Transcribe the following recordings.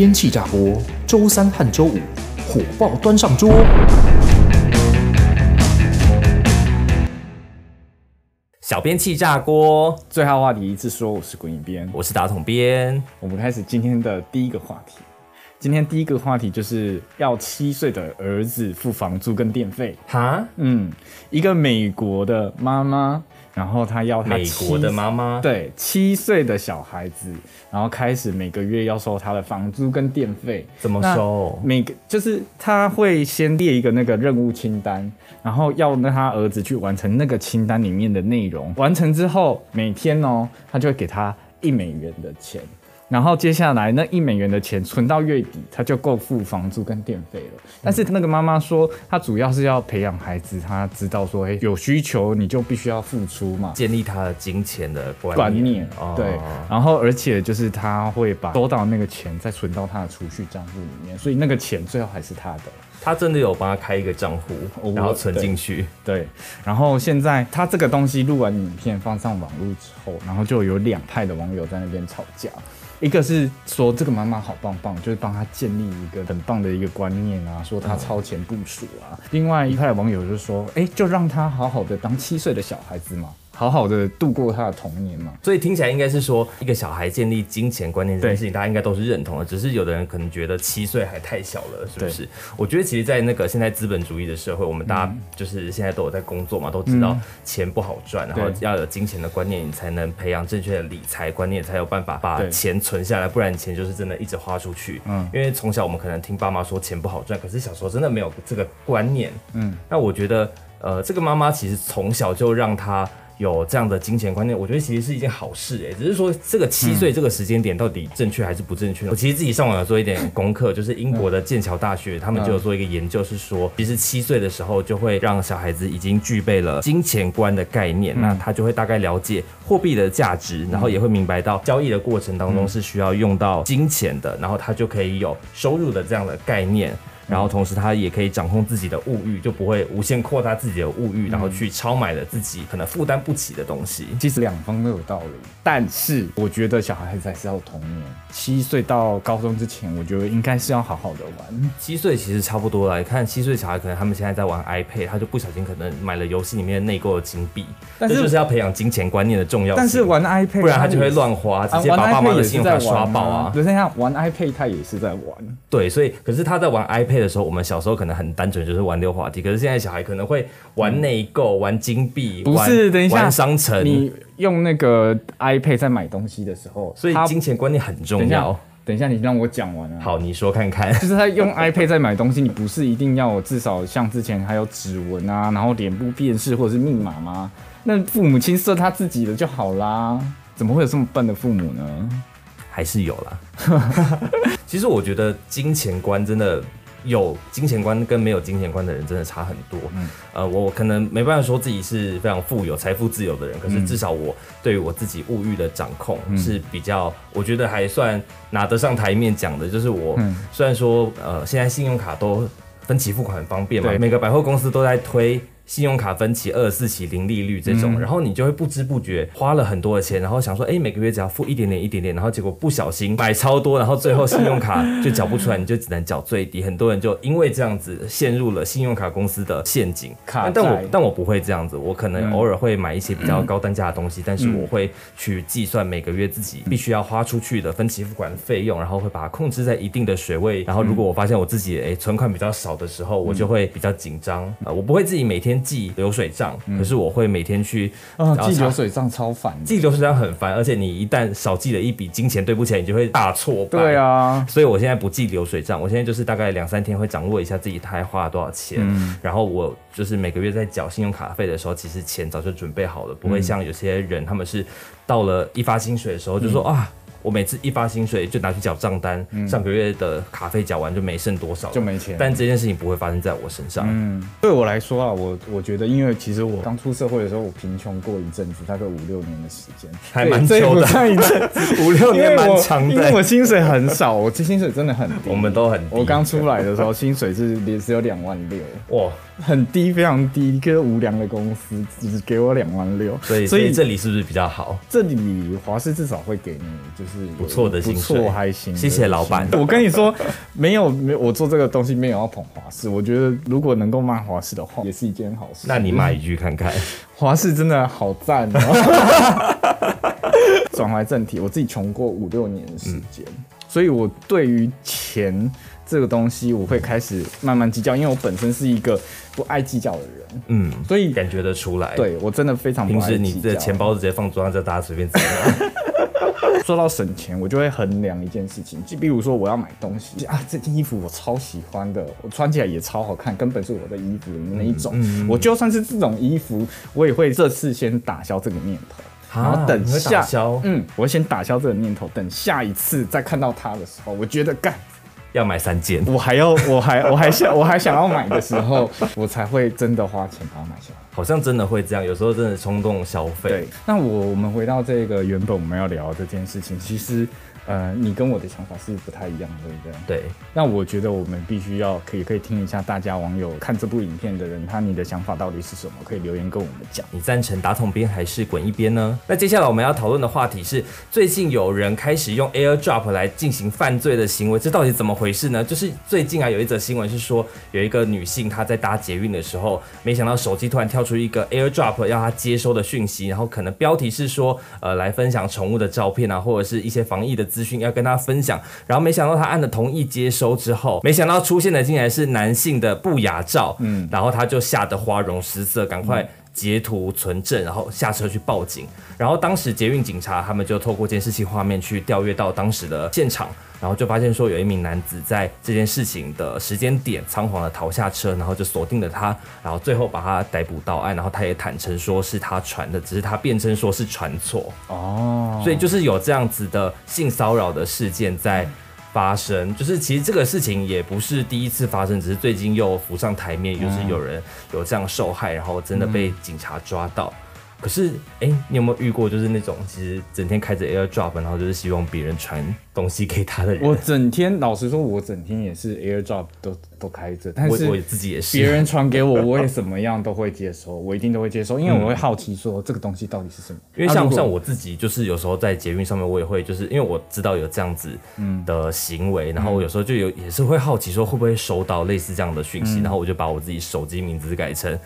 編氣炸鍋，周三和周五火爆端上桌。小編氣炸鍋，最好話題一次說。我是滾一編，我是打統編，我們開始今天的第一個話題。今天第一個話題就是要七歲的兒子付房租跟電費。哈？嗯，一個美國的媽媽，然後她，他要他七、美國的媽媽？對，七歲的小孩子，然後開始每個月要收他的房租跟電費。怎麼收？每個就是他會先列一個那個任務清單，然後要那他兒子去完成那個清單裡面的內容，完成之後每天呢、哦，他就會給他一美元的錢。然後接下來那一美元的錢存到月底，他就夠付房租跟電費了。但是那個媽媽說，她主要是要培養孩子，她知道說誒，有需求你就必須要付出嘛，建立他的金錢的觀念。觀念哦、對。然後而且就是他會把收到那個錢再存到他的儲蓄賬戶裡面，所以那個錢最後還是他的。他真的有幫他開一個賬戶，哦、然後存進去對。對。然後現在他這個東西錄完影片放上網絡之後，然後就有兩派的網友在那邊吵架。一個是說這個媽媽好棒棒，就是幫她建立一個很棒的一個觀念啊，說她超前部署啊。嗯。另外一派網友就說，哎，欸，就讓她好好的當七歲的小孩子嘛。好好的度過他的童年嘛，所以聽起來應該是說一個小孩建立金錢觀念這件事情，大家應該都是認同的。對只是有的人可能覺得七歲還太小了，是不是？對我覺得其實，在那個現在資本主義的社會，我們大家就是現在都有在工作嘛，嗯、都知道錢不好賺，嗯、然後要有金錢的觀念，你才能培養正確的理財觀念，才有辦法把錢存下來，對不然錢就是真的一直花出去。嗯，因為從小我們可能聽爸媽說錢不好賺，可是小時候真的沒有這個觀念。嗯，那我覺得，呃，這個媽媽其實從小就讓他，有這樣的金錢觀念，我覺得其實是一件好事誒、欸，只是說這個七歲這個時間點到底正確還是不正確？嗯、我其實自己上網有做一點功課，就是英國的劍橋大學、嗯、他們就有做一個研究，是說其實七歲的時候就會讓小孩子已經具備了金錢觀的概念，嗯、那他就會大概了解貨幣的價值，然後也會明白到交易的過程當中是需要用到金錢的，然後他就可以有收入的這樣的概念。然後同時他也可以掌控自己的物欲，就不會無限擴大自己的物欲，嗯、然後去超買了自己可能負擔不起的東西。其實兩方都有道理，但是我覺得小孩子還是要童年，七歲到高中之前，我覺得應該是要好好的玩。七歲其實差不多了，你看七歲小孩可能他們現在在玩 iPad，他就不小心可能買了遊戲裡面內購的金幣，這是就，就是要培養金錢觀念的重要性，但是玩 iPad，不然他就會亂花，啊、直接把爸媽的信用卡刷爆啊。只剩下玩 iPad，啊、他也是在玩。對，所以可是他在玩 iPad。的時候，我們小時候可能很單純，就是玩溜滑梯，可是現在小孩可能會玩內購、玩金幣，不是？等一下，玩商城。你用那個 iPad 在買東西的時候，所以金錢觀念很重要。等一下，等一下，你讓我講完了。好，你說看看。就是他用 iPad 在買東西，你不是一定要至少像之前還有指紋啊，然後臉部辨識或者是密碼嗎？那父母親設他自己的就好啦。怎麼會有這麼笨的父母呢？還是有啦。 其實我覺得金錢觀真的。有金錢觀跟沒有金錢觀的人真的差很多。嗯，呃，我可能沒辦法說自己是非常富有、財富自由的人，可是至少我對於我自己物欲的掌控是比較，嗯、我覺得還算拿得上檯面講的。就是我雖然說，呃，現在信用卡都分期付款很方便嘛，對 每個百貨公司都在推。信用卡分期二十四期零利率這種，嗯、然後你就會不知不覺花了很多的錢，然後想說，哎，每個月只要付一點點一點點，然後結果不小心買超多，然後最後信用卡就繳不出來， 你就只能繳最低。很多人就因為這樣子陷入了信用卡公司的陷阱。但，但我但我不會這樣子，我可能偶爾會買一些比較高單價的東西，但是我會去計算每個月自己必須要花出去的分期付款的費用，然後會把它控制在一定的水位。然後如果我發現我自己誒存款比較少的時候，我就會比較緊張，呃、我不會自己每天。記流水賬可是我會每天去啊、嗯哦，記流水賬超煩，記流水賬很煩，而且你一旦少記了一筆金錢，對不起，你就會大錯。對啊，所以我現在不記流水賬我現在就是大概兩三天會掌握一下自己還花了多少錢，嗯、然後我就是每個月在繳信用卡費的時候，其實錢早就準備好了，不會像有些人、嗯、他們是到了一發薪水的時候、嗯、就說啊。我每次一發薪水就拿去繳賬單，嗯、上個月的卡費繳完就沒剩多少，就沒錢。但這件事情不會發生在我身上。嗯，對我來說啊，我我覺得，因為其實我剛出社會的時候，我貧窮過一陣子，大概五六年的時間，還蠻久的。五六、這個、還滿、五六年蠻長的因，因為我薪水很少，我薪水真的很低。我們都很低，我剛出來的時候薪水是也只有兩萬六。哇。很低，非常低，一個無良的公司只給我兩萬六，所以所以這裡是不是比較好？這裡華視至少會給你，就是不錯的薪水，不錯還行。心心謝謝老板，我跟你說，沒有沒我做這個東西沒有要捧華視。我覺得如果能夠罵華視的話，也是一件好事。那你罵一句看看，華視、嗯、真的好讚哦。轉回 正題，我自己窮過五六年的時間。嗯所以，我對於錢這個東西，我會開始慢慢計較，嗯、因為我本身是一個不愛計較的人。嗯，所以感覺得出來。對，我真的非常不愛計較。平時你的錢包直接放桌上，就大家隨便吃。 說到省錢，我就會衡量一件事情，就比如說我要買東西啊，這件衣服我超喜歡的，我穿起來也超好看，根本是我的衣服裡面的那一種。嗯嗯、我就算是這種衣服，我也會這次先打消這個念頭。然後等下，嗯，我先打消這個念頭。等下一次再看到他的時候，我覺得幹。要買三件，我還要，我還，我還想， 我還想要買的時候，我才會真的花錢把它買下來。好像真的會這樣，有時候真的衝動消費對，那我我們回到這個原本我們要聊的這件事情，其實，呃，你跟我的想法是不太一樣的，對，對，那我覺得我們必須要可以可以聽一下大家網友看這部影片的人，他你的想法到底是什麼？可以留言跟我們講。你贊成打統編還是滾一編呢？那接下來我們要討論的話題是，最近有人開始用 AirDrop 來進行犯罪的行為，這到底怎麼？回事呢？就是最近啊，有一則新聞是說，有一個女性她在搭捷運的時候，沒想到手機突然跳出一個 AirDrop 要她接收的訊息，然後可能標題是說，呃，來分享寵物的照片啊，或者是一些防疫的資訊要跟她分享，然後沒想到她按了同意接收之後，沒想到出現的竟然是男性的不雅照，嗯，然後她就嚇得花容失色，趕快、嗯。截圖存證，然後下車去報警，然後當時捷運警察他們就透過監視器畫面去調閱到當時的現場，然後就發現說有一名男子在這件事情的時間點倉皇的逃下車，然後就鎖定了他，然後最後把他逮捕到案，然後他也坦承說是他傳的，只是他辯稱說是傳錯哦，oh. 所以就是有這樣子的性騷擾的事件在。發生就是，其實這個事情也不是第一次發生，只是最近又浮上台面，嗯、又是有人有這樣受害，然後真的被警察抓到。嗯可是，哎、欸，你有沒有遇過就是那種其實整天開着 AirDrop，然後就是希望別人傳東西給他的人？我整天老實說，我整天也是 AirDrop 都都開着，但是我，我自己也是別人傳給我，我也什麼樣都會接收，我一定都會接收，因為我會好奇說這個東西到底是什麼。嗯、因為像像我自己，就是有時候在捷運上面，我也會就是因為我知道有這樣子的行為，嗯、然後我有時候就有也是會好奇說會不會收到類似這樣的訊息，嗯、然後我就把我自己手機名字改成。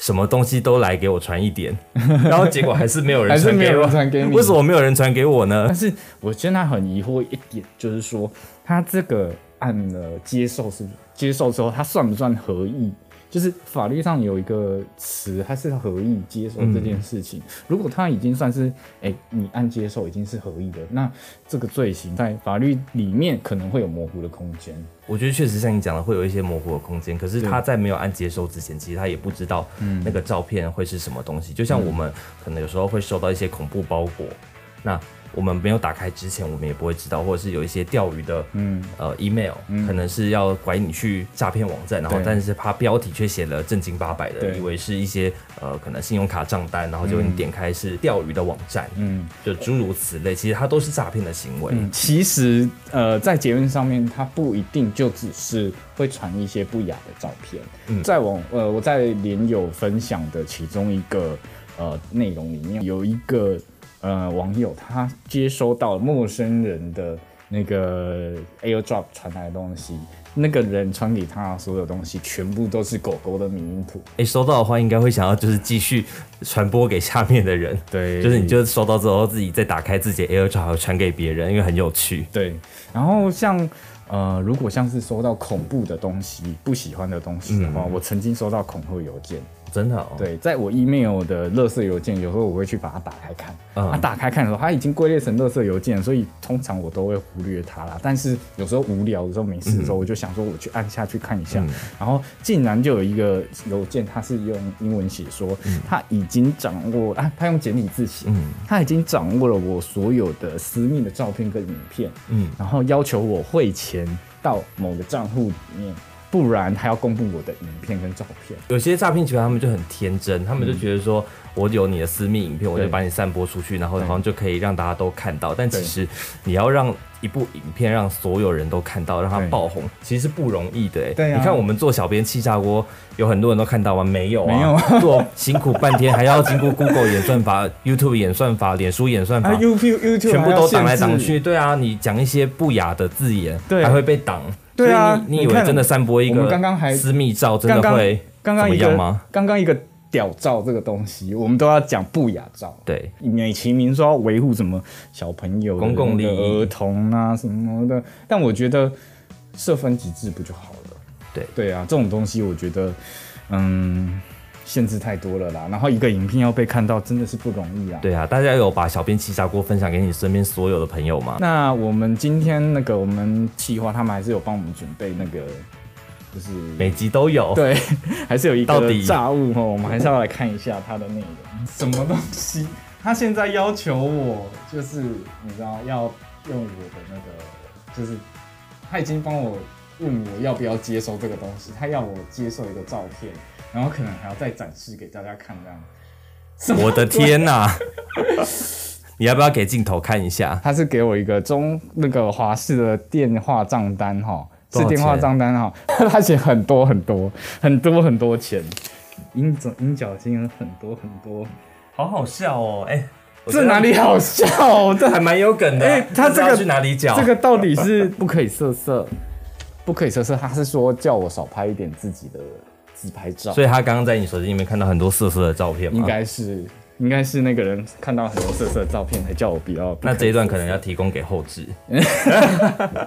什麼東西都來給我傳一點，然後結果還是沒有人傳給我。 傳給你為什麼沒有人傳給我呢？但是我現在很疑惑一點，就是說他這個按了接受是不是？接受之後，他算不算合意？就是法律上有一個詞，它是合意接受這件事情。嗯、如果他已經算是哎、欸，你按接受已經是合意的，那這個罪行在法律裡面可能會有模糊的空間。我覺得確實像你講的，會有一些模糊的空間。可是他在沒有按接受之前，對其實他也不知道那個照片會是什麼東西。就像我們可能有時候會收到一些恐怖包裹，那。我們沒有打開之前，我們也不會知道，或者是有一些釣魚的，嗯，呃，email，、嗯、可能是要拐你去詐騙網站，然後但是它標題卻寫了正經八百的，對以為是一些呃可能信用卡賬單，然後就你點開是釣魚的網站，嗯，就諸如此類，其實它都是詐騙的行為、嗯。其實，呃，在結論上面，它不一定就只是會傳一些不雅的照片。在我、嗯，呃，我在連友分享的其中一個呃內容裡面有一個。呃，網友他接收到陌生人的那個 AirDrop 傳來的東西，那個人傳給他所有東西，全部都是狗狗的迷因圖。哎、欸，收到的話，應該會想要就是繼續。傳播給下面的人，對，就是你就是收到之後自己再打開自己的 AirDrop 傳給別人，因為很有趣。對，然後像呃，如果像是收到恐怖的東西、不喜歡的東西的話，嗯、我曾經收到恐嚇郵件，真的好哦。對，在我 E-mail 的垃圾郵件，有時候我會去把它打開看。啊、嗯，它打開看的時候，它已經歸類成垃圾郵件，所以通常我都會忽略它啦。但是有時候無聊的時候、沒事的時候，嗯、我就想說我去按下去看一下，嗯、然後竟然就有一個郵件，它是用英文寫，說、嗯、它以。已經掌握，啊，他用簡體字寫，嗯、他已經掌握了我所有的私密的照片跟影片，嗯，然後要求我匯錢到某個賬戶裡面，不然他要公布我的影片跟照片。有些詐騙集團他們就很天真，他們就覺得說我有你的私密影片，嗯、我就把你散播出去，對然後好像就可以讓大家都看到，對但其實你要讓。一部影片讓所有人都看到，讓它爆紅，其實是不容易的。對啊，你看我們做小編氣炸鍋，有很多人都看到嗎？沒有啊，做辛苦半天，還要經過 Google 演算法、YouTube 演算法、臉書演算法，全部都擋來擋去。對啊，你講一些不雅的字眼，還會被擋。對啊，你以為真的散播一個私密照真的會怎麼樣嗎？剛剛一個。屌照這個東西，我們都要講不雅照，對，美其名說要維護什麼小朋友、公共利益、兒童啊什麼的，但我覺得設分級制不就好了？對對啊，這種東西我覺得，嗯，限制太多了啦。然後一個影片要被看到，真的是不容易啊。對啊，大家有把小編氣炸鍋分享給你身邊所有的朋友嗎？那我們今天那個，我們企劃他們還是有幫我們準備那個。就是每集都有對，還是有一個炸物到底我們還是要來看一下它的內容。什麼東西？他現在要求我，就是你知道，要用我的那個，就是他已經幫我問我要不要接收這個東西，他要我接受一個照片，然後可能還要再展示給大家看，看。這樣，我的天哪、啊！ 你要不要給鏡頭看一下？他是給我一個中那個華視的電話賬單哈。哦是電話賬單哈， 他寫很多很多很多很多錢，應繳應繳金額很多很多，好好笑哦、喔！哎、欸，這哪裡好笑、喔？這還蠻有梗的、啊。哎、欸，他這個去哪裡繳？這個到底是不可以色色， 不可以色色，他是說叫我少拍一點自己的自拍照。所以他剛剛在你手機裡面看到很多色色的照片嗎應該？應該是應該是那個人看到很多色色的照片，才叫我比較不要。那這一段可能要提供給後製。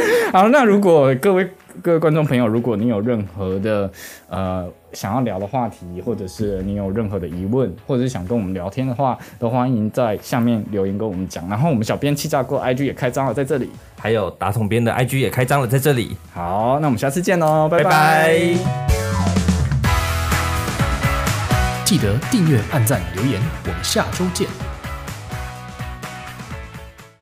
好，那如果各位各位觀眾朋友，如果您有任何的呃想要聊的話題，或者是您有任何的疑問，或者是想跟我們聊天的話，都歡迎在下面留言跟我們講。然後我們小編氣炸鍋 IG 也開張了，在這裡；還有打統編的 IG 也開張了，在這裡。好，那我們下次見嘍，拜拜！記得訂閱、按讚、留言，我們下周見。